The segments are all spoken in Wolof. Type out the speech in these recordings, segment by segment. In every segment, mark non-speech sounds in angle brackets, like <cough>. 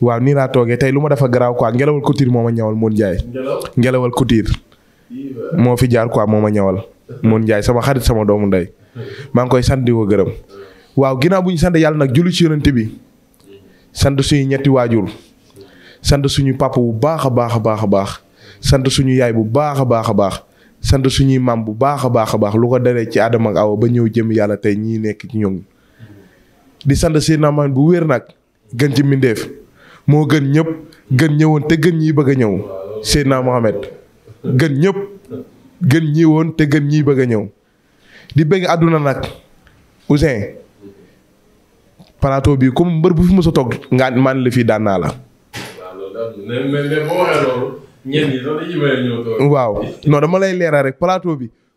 waaw nii laa toogee tey lu ma defa garaaw quoi ngelawal couture moo ma ñawal Mour njaay ngelawal kotiir moo fi jaar quoi moo ma ñawal Mour Ndiaye sama xarit sama doomu ndey. maa ngi koy sant gërëm. waaw ginnaaw bu ñu sant yàlla nag julli ci yonent bi. sant suñu ñetti waajur. sant suñu pàpp bu baax a baax a baax a baax. sant suñu yaay bu baax a baax a baax. sant suñuy maam bu baax a baax a baax lu ko deree ci Adama ak Awa ba ñëw jëm yàlla tey ñii nekk ci ñoom. di sant seen bu wér nag. gën ci mbindeef moo gën ñëpp gën ñëwoon te gën ñi bëgg a ñëw naa Mohamed gën ñëpp gën ñi woon te gën ñii bëgg a ñëw di bëgg àdduna nag Ouzin palaato bi comme mbër bu fi mës nga man la fii daan naa la. waaw noo dama lay leeral rek plateau bi.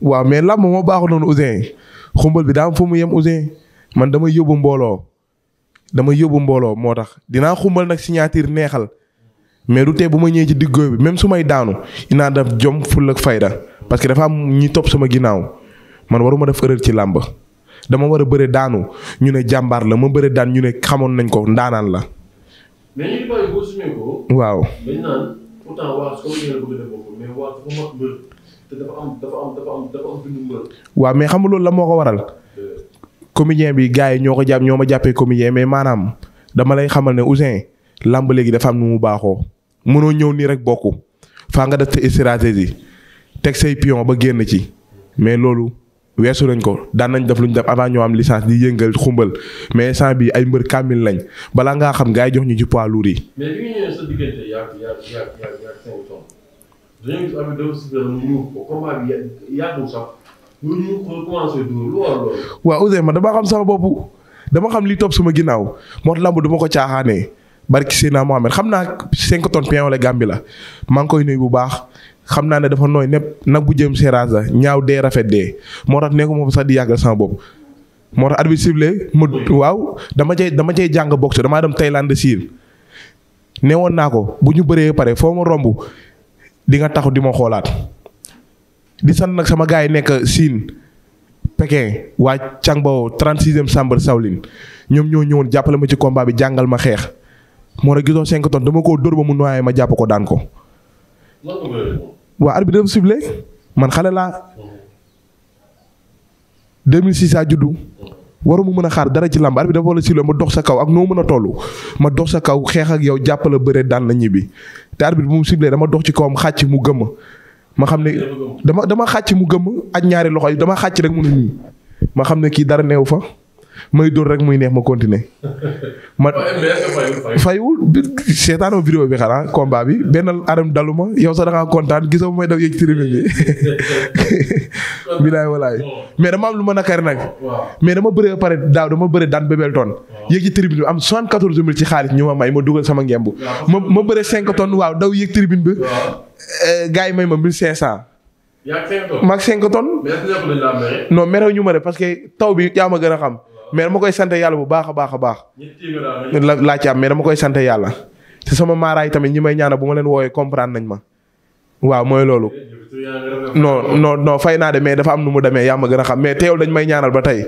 waaw mais làmb moo baaxul noonu Ouzin xumbal bi daa am fu mu yem Ouzin man damay yóbbu mbooloo damay yóbbu mbooloo moo tax dinaa xumbal nag signature neexal mais du tee bu ma ñëwee ci diggoo bi même su may daanu dinaa def jom ful ak fayda parce que dafa am ñi topp sama ginnaaw man waruma def erreur ci làmb dama war a bëre daanu ñu ne jàmbaar la ma bëre daan ñu ne xamoon nañ ko ndaanaan la. waaw. te waaw mais xam nga loolu la moo ko waral. comédien bi gars yi ñoo ko jàpp ñoo ma jàppee comédien mais maanaam dama lay xamal ne Ouzin làmb léegi dafa am nu mu baaxoo mënoo ñëw nii rek bokk faa nga def sa stratégie teg say pion ba génn ci mais loolu weesu nañ ko daan nañ def lu ñu def avant ñoo am licence di yëngal xumbal mais instant bi ay mbër kaamil lañ balaa ngaa xam gars yi jox ñu ci poids lourd yi. waa gis ma dama xam sama bopp dama xam lii topp suma ginnaaw moo tax lamb du ma ko caaxaanee barki Seydina Mohamed xam naa 5 tonnes pion gàmbi la maa ngi koy nuyu bu baax. xam naa ne dafa nooy nepp nag bu jëm séerase la ñaaw dee rafet dee moo tax nekkuma fa sax di yàggal sama bopp moo tax arbitre sifflé ma waaw dama cay dama cay jàng boxe damaa dem Thaïlande siin ne woon naa ko bu ñu bëree pare foo ma romb di nga taxu di ma xoolaat di sant nag sama gaa yi nekk Siin Pékin waa Cangbao 36e Sambar sawlin ñoom ñoo ñëwoon jàppale ma ci combat bi jàngal ma xeex moo rek gisoo 5 tonnes dama ko dóor ba mu noyyi ma jàpp ko daan ko. waa arbitre bi sifflé man xale laa 2006 a juddu. waru mu mën a xaar dara ci làmb bi dafa war a siffler ma dox sa kaw ak noo mën a toll ma dox sa kaw xeex ak yow jàppale bëre daan la ñibbi te arbitre bu mu siffler dama dox ci kawam xàcc mu gëmm ma xam ne dama dama xàcc mu gëmm ak ñaari loxo yi dama xàcc rek mu ne nii ma xam ne kii dara neew fa may dóor rek muy neex ma continuer. ma fayul seetaanoo vidéo bi xanaa combat bi benn dalu ma yow sax da ngaa gisoo may daw yëg tribune bi. <laughs> bilaay walaay mais dama am lu ma nakari nag. mais dama bëree pare daaw dama bëree daan bébel tonne. yëg ci tribune bi am soixante-quatorze mille ci xaalis ñu ma may ma dugal sama ngemb. ma ma cinq tonnes waaw daw yëg tribune bi. Eh, gars yi may ma mille cinq cent. yaa ngi cinq tonnes. maag cinq ñu ma de parce que taw bi yaa ma gën a xam. mais dama koy sant yàlla bu baax a baax a baax. la laa ci am mais dama koy sant yàlla. si sama maaraay tamit ñi may ñaanal bu ma leen wooyee comprendre nañ ma. waaw mooy loolu. non non non fay naa de mais dafa am nu mu demee yaa ma gën a xam mais teewul dañ may ñaanal ba tey.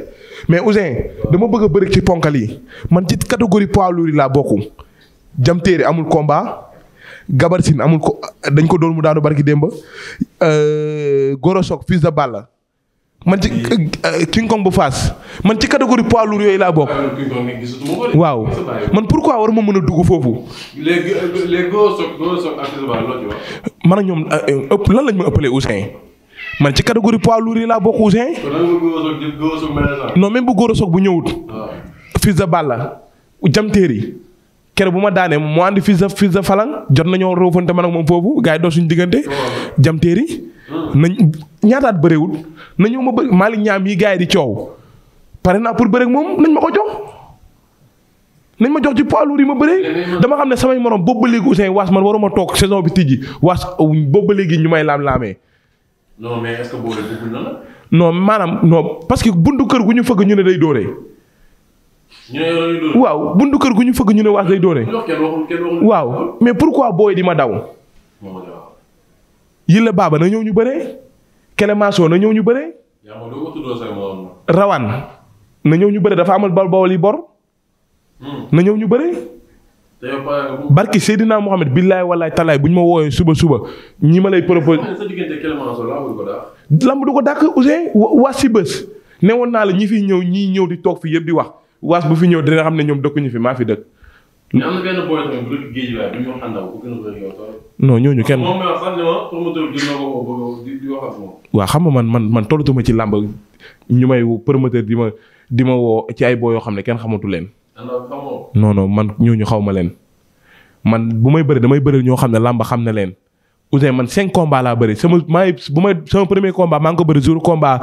mais Ouzin dama bëgg a bëri ci ponkal yi man ci catégorie poids lourd laa bokku jam téere amul komba Gabarsin amul ko dañ ko doon mu daanu barki démba euh, Gorosok fils de Balla man ci euh, King Kong bu Fass man ci catégorie poids lourd yooyu laa bokk. waaw man pour pourquoi war ma mën a dugg foofu. man a ñoom euh, euh, ëpp lan lañ ma ëppalee Ousseyn man ci catégorie poids lourd yi laa bokk Ousseyn. non même bu góor a bu ñëwut. Ah. Fils de Balla jamteeri kere bu ma daanee mu andi Fils de Fils de Falang jot nañoo roofante man ak moom foofu gars yi doon suñu diggante jamteeri nañ ñaataat bëriwul na ñëw ma bëri Malick Niang mii gars yi di coow pare naa pour bëreeg moom nañ ma ko jox. nañ ma jox ci poids lourd yi ma bëree dama xam ne samay moroom boobu ba léegi Ousseyn Waas man waruma toog saison bi tijji Waas boobu ba léegi ñu may laam-laamee. non mais est maanaam noo parce que buntu kër gu ñu fëgg ñu ne day dooree. waaw buntu kër gu ñu fëgg ñu ne Waas day dooree. waaw mais pour quoi booy di ma daw. Yilla baaba na ñëw ñu bëree Clémenceau na ñëw ñu bëree. Rawane na ñëw ñu bëree dafa amal bal bawol yi bor. Hmm. na ñëw ñu bëree. barki Seydina Mohamed billaay wallaay talaay bu ñu ma wooyee suba suba ñii ma lay proposé. lamb du ko dàkk Ousseyn waas si bés. ne woon naa la ñi fi ñëw ñii ñëw di toog fi yëpp di wax waas bu fi ñëw dina xam ne ñoom dëkkuñu fi maa fi dëkk. mais ñooñu kenn xam nga man man man tollatuma ci làmb ñu may promoteur di ma di ma woo ci ay boo yoo xam ne kenn xamatu leen. non man ñooñu xaw ma leen. man bu may bëri damay bëri ñoo xam ne làmb xam na leen. Ouzin man cinq combats laa bëri sama maay bu may sama premier combat maa ngi ko bëri jour combat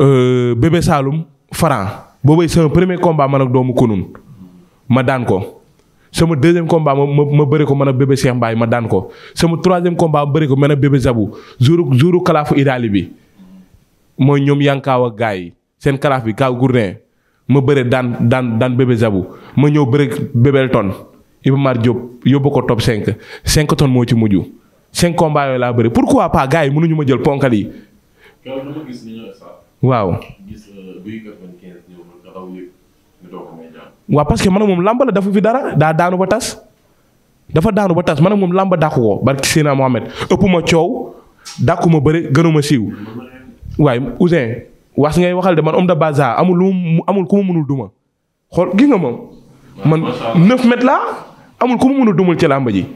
euh, Bébé Saloum Franc boobay sama premier combat man ak doomu Kunun. ma daan ko sama deuxième combat ma ma bëri ko man a bébé Cheikh Mbaye ma daan ko sama troisième combat ma bëri ko man a bébé Zabu jouru jouru kalaafu idaali bi mooy ñoom yankaaw ak gars yi seen kalaaf bi kaaw gourné ma bëri daan daan daan bébé Zabu ma ñëw bëri bébel tonne Iba Mar Diop yóbbu ko top 5 5 tonnes moo ci mujj 5 combats yooyu laa bëri pourquoi pas gars yi mënuñu ma jël ponkal yi. waaw. Euh, waaw parce que man ak moom làmba la dafa fi dara daa daanu ba tas dafa daanu ba tas man ak moom làmba dàqu ko barki Seydina Mohamed ëpp ma coow dàqu ma bëri gënu ma siiw waaye Ouzin wax ngay waxal de man homme de baza amul lu mu amul ku mu mënul duma xool gis nga moom man 9 mètres laa amul ku mu mënul dumal ci làmb ji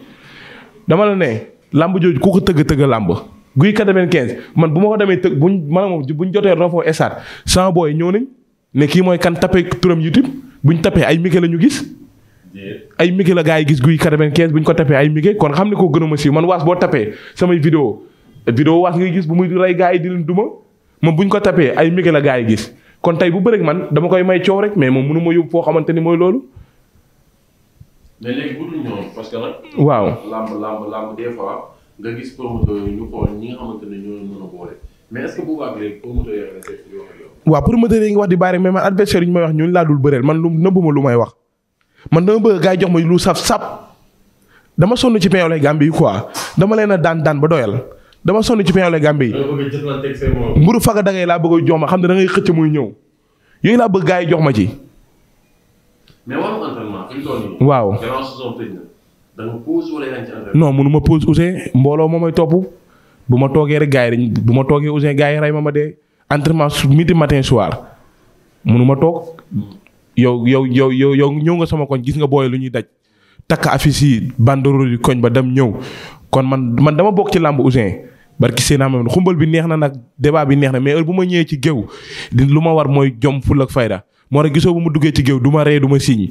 dama la ne làmb jooju ku ko tëgg tëgg làmb guy 95 man bu ma ko demee tëgg buñ man moom buñ jotee rofoo esaat sama booy ñëw nañ. ne kii mooy kan tapé turam YouTube buñ tapé ay mike la ñu gis. ay mike la gars yi gis guy 95 buñ ko tapé ay mike kon xam ne ko ma siiw man waas boo tapé samay vidéo vidéo waas ngay gis bu muy rey gars yi di leen duma moom buñ ko tappee ay mike la gars yi gis kon tey bu bëreeg man dama koy may coow rek mais moom mënuma ma yóbbu foo xamante ni mooy loolu. mais waaw mais est-ce que bu baax yi nga wax di bari mais man adversaire ñu may wax ñun laa dul bëreel man lu nëbbuma lu may wax man dama bëgg gars jox ma lu saf sap dama sonn ci lay peewle Gambie quoi dama leen a daan daan ba doyal dama sonn ci peewle Gambie. mburu faga dagay laa bëgg a jox ma xam ne dangay ngay xëcc muy ñëw yooyu laa bëgg gars jox ma ci. waaw gannaaw non mënu ma pause Ousseyn mbooloo moo may topp bu ma toogee rek gars yi bu ma toogee Ouzin gars yi rey ma ma dee entraînement midi matin soir munu ma toog yow yow yow yow yow ñëw nga sama koñ gis nga booy lu ñuy daj takk affiche yi banderole yi koñ ba dem ñëw kon man man dama bokk ci làmb Ouzin barki seen am xumbal bi neex na nag débat bi neex na mais heure bu ma ñëwee ci géew di lu ma war mooy jom ful ak fayda moo a gisoo bu ma duggee ci géew du ma ree du ma siñ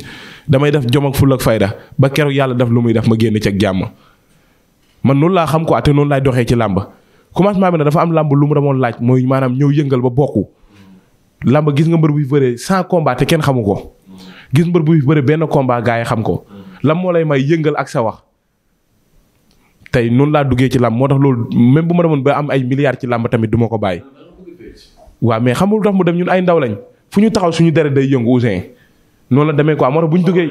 damay def jom ak ful ak ba keroog yàlla def lu muy def ma génn ci jàmm man noonu laa xam ko ate noonu laay doxee ci làmb commencement bi nag dafa am làmb lu mu demoon laaj mooy maanaam ñëw yëngal ba bokku làmb gis nga mbër buy bëree sans combat te kenn xamu ko gis mbër buy bëree benn combat gaa yi xam ko lan moo lay may yëngal ak sa wax tey noonu laa duggee ci làmb moo tax loolu même bu ma demoon ba am ay milliards ci làmb tamit duma ko bàyyi. waaw mais xamul nga tax mu dem ñun ay ndaw lañ fu ñu taxaw suñu deret day yëngu Ouzin noonu demee quoi moo bu ñu duggee.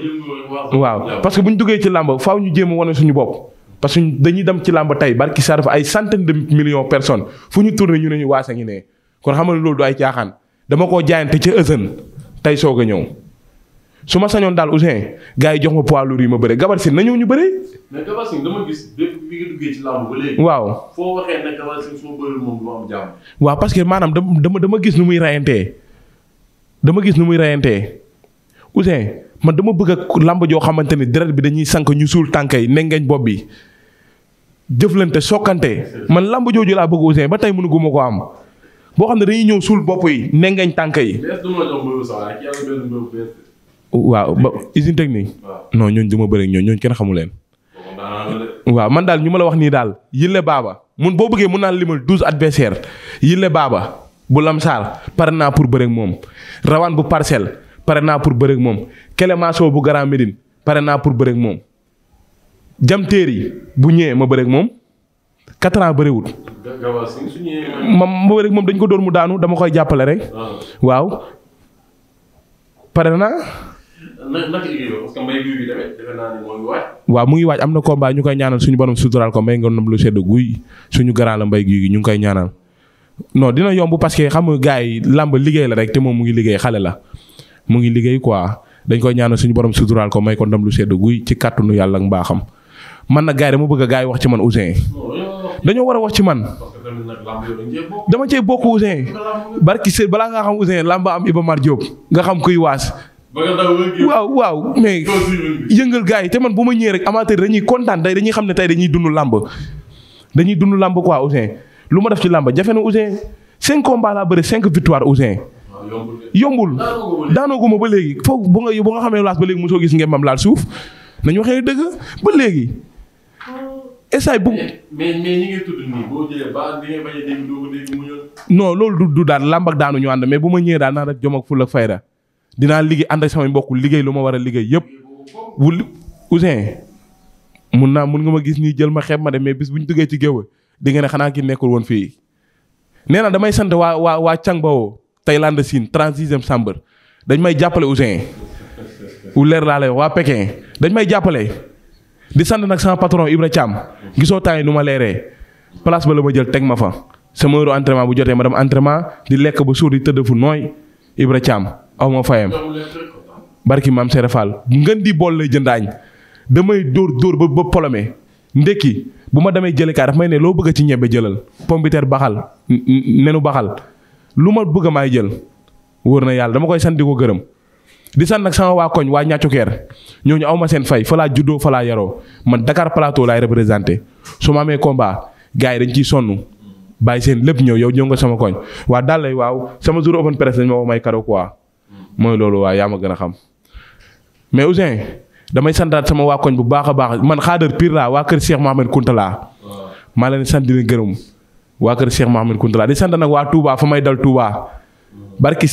waaw parce que bu ñu duggee ci làmb faaw ñu jéem a suñu bopp. parce que dañuy dem ci làmb tey barki sarf ay centaine de millions personnes fu ñu tourné ñu ne ñu waasa ngi ne kon xam nga loolu du ay caaxaan dama koo jaayante ci Euzene tey soog a ñëw su ma sañoon daal Ouzin gars yi jox ma poids lourd yi ma bëre Gabar Singh na ñëw ñu bëre. mais parce que maanaam dama dama gis nu muy rayantee dama gis nu muy rayantee Ouzin man dama bëgg a làmb joo xamante ni deret bi dañuy sànq ñu suul tànk yi nengeñ bopp bi jëflante sokkante man lamb jooju laa bëgg Ouzin ba tey mënu guma ko am boo xam ne dañuy ñëw suul bopp yi nengeñ tànk yi. waaw ba usine technique. non ñooñu du ma bëri ñooñu ñooñu kenn xamu leen. waaw man daal ñu ma la wax nii daal Yile baaba mun boo bëggee mun naa limal douze adversaires Yile baaba bu Lamsaar pare naa pour bëreeg moom rawaan bu parcelle pare naa pour bëreeg moom Kéléma bu Grand pare naa pour bëreeg moom. jam yi bu ñëwee ma bëreeg moom quatre ans ma ma bëreeg moom dañ ko dóor mu daanu dama koy jàppale rek. Ah. waaw pare na. waaw mu ngi waaj am na combat ñu koy ñaanal suñu borom suturaal ko mbay nga noonu lu sedd suñu grand la mbay ñu ngi koy ñaanal. non dina yomb parce que xam nga gars yi làmb liggéey la rek te moom mu ngi liggéey xale la mu ngi liggéey quoi dañ koy ñaanal suñu borom suturaal ko may ko ndam lu sedd guy ci kàttanu yàlla ak mbaaxam man na gars yi dama bëgg gars yi wax ci man Ouzin dañoo war a wax ci man. dama cee bokk Ouzin barki sër balaa nga xam Ouzin lamba am Iba Mar nga xam kuy waas. waaw waaw mais yëngal gars yi te man bu ma ñëwee rek amateur dañuy kontaan tey dañuy xam ne tey dañuy dund làmb dañuy dund làmb quoi Ouzin lu ma def ci làmb jafe na Ouzin cinq bari laa bëri cinq victoire Ouzin yombul daanoo guma ba léegi foog ba nga ba nga xamee laas ba léegi mosoo gis ngeen mam laal suuf nañu waxee dëgg ba léegi essai bu. mais loolu du du daan làmb daanu ñu ànd mais bu ma ñëwee daal naa rek jom ak ful ak dinaa liggéey ànd ak samay mbokk liggéey lu ma war a liggéey yëpp. wul Ouzin mun naa mun nga ma gis nii jël ma xeeb ma de mais bis bu ñu duggee ci géew di nga xanaa ki nekkul woon fii. nee na damay sant waa waa waa Cangbao Thaïlande Sine 36e Sambar dañ may jàppale Ouzin. wu leer laa lay waa Pékin dañ may jàppale. di sant nag sama patron Ibra Thiam gisoo temps yi nu ma leeree place ba la ma jël teg ma fa sama heure entraînement bu jotee ma dem entraînement di lekk ba suur di tëdd fu nooy Ibra Thiam aw ma fayam. barki maam Seré Fall ngeen di bool lay jëndaañ damay dóor dóor ba ba polomé ndekki bu ma demee jëli kaa daf may ne loo bëgg ci ñebe jëlal pompiteer baxal nenu baxal lu ma bëgg maay jël wóor na yàlla dama koy sant di gërëm. di sant nag sama waa koñ waa ñàccukeer ñooñu aw ma seen fay falaa laa juddoo fa yaroo man Dakar Plateau laay représenté su ma amee combat gaa yi dañ ciy sonn bàyyi seen lépp ñëw yow ñëw nga sama koñ waa daal lay waaw sama jour open press dañ ma woo may kado quoi mooy loolu waa yaa ma gën a xam. mais Ouzin damay santaat sama waa koñ bu baax a baax man xaadar pire laa waa kër Cheikh Mohamed Kounta laa maa leen sant di gërëm waa kër Cheikh Mohamed Kounta laa di waa Touba may dal Touba barki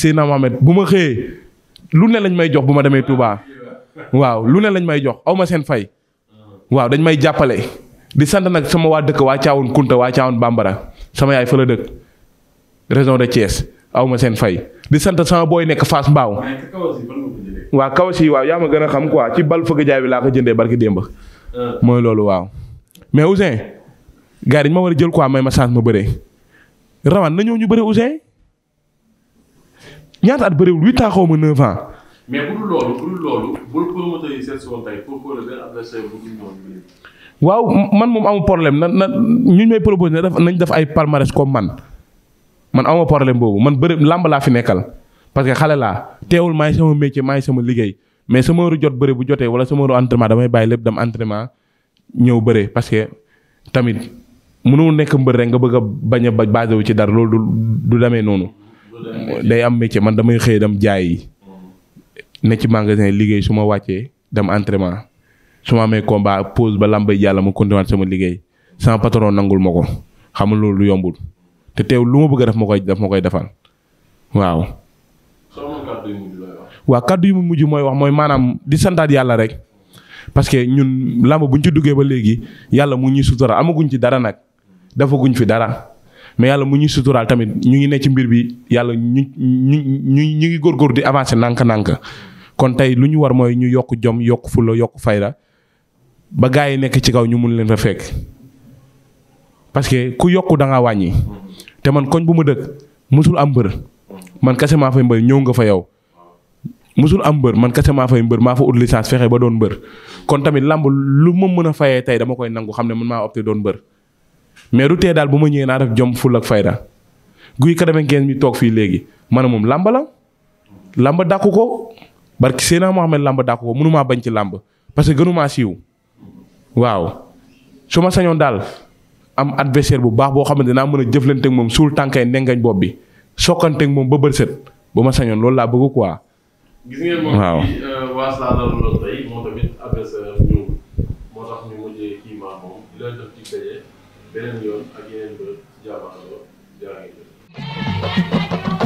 lu ne lañ may jox bu ma demee Touba waaw lu ne lañ may jox aw ma seen fay waaw dañ may jàppale di sant nag sama waa dëkk waa Thiawoune Kounta waa Thiawoune Bambara sama yaay fa dëkk région de Thiès aw ma seen fay di sant sama booy nekk Fass mbaaw waa kawas yi waaw yaa ma gën a xam quoi ci bal fëgg jaay bi laa ko jëndee barki démb mooy loolu waaw mais Ouzin gars yi ma war a jël ko quoi may ma chance ma bëree rawan na ñëw ñu bëree Ouzin ñaata at bëriwul huit ans xaw ma neuf bu dul loolu bu dul loolu waaw man moom amul problème na na ñu may proposé na def nañ def ay palmarès comme man man amuma problème boobu man bëri làmb laa fi nekkal parce que xale laa teewul maay sama métier maay sama liggéey mais sama heure jot bëri bu jotee wala sama heure entraînement damay bàyyi lépp dem entraînement ñëw bëre parce que tamit mënoo nekk mbër rek nga bëgg a bañ a basé wu ci dara loolu du du demee noonu. day am métier man damay xëy dam jaay ne ci magasin liggéey su ma wàccee dem entraînement su ma amee combat pause ba làmbay jàll ma continuer sama liggéey sama patron nangul ma ko xam loolu lu yombul te teew lu ma bëgg a def ma koy def ma koy defal waaw. waaw kàddu yi mu mujj mooy wax mooy maanaam di santaat yàlla rek parce que ñun làmb buñ ci duggee ba léegi yàlla mu ñuy sutura amaguñ ci dara nag dafaguñ fi dara. mais yàlla mu ñuy suturaal tamit ñu ngi ne ci mbir bi yàlla ñu ñu ñu ñu ngi góorgóor di avancer nànk-nànk kon tey lu ñu war mooy ñu yokk jom yokk fula yokk fayda ba gaa yi nekk ci kaw ñu mun leen fa fekk parce que ku yokk da ngaa wàññi te man koñ bu ma dëkk musul am mbër man kese maa fay mbër ñëw nga fa yow musul am mbër man kese maa fay mbër maa fa ut licence fexe ba doon mbër kon tamit làmb lu ma mën a fayee tey dama koy nangu xam ne man maa opté doon mbër. mais du tee daal bu ma ñëwee naa def jom ful ak fayda guy 95 mi toog fii léegi ma ne moom làmb la làmb dàqu ko barki Seydina Mohamed làmb dàqu ko mënumaa bañ ci làmb parce que gënumaa siiw waaw su ma sañoon daal am adversaire bu baax boo xam naa mën a jëflante moom suul tànkay nengañ bopp bi sokkante moom ba bër set ba ma sañoon loolu laa bëgg quoi. beneen yoon ak yeneen bërëb ci Jamarloo jaa ngi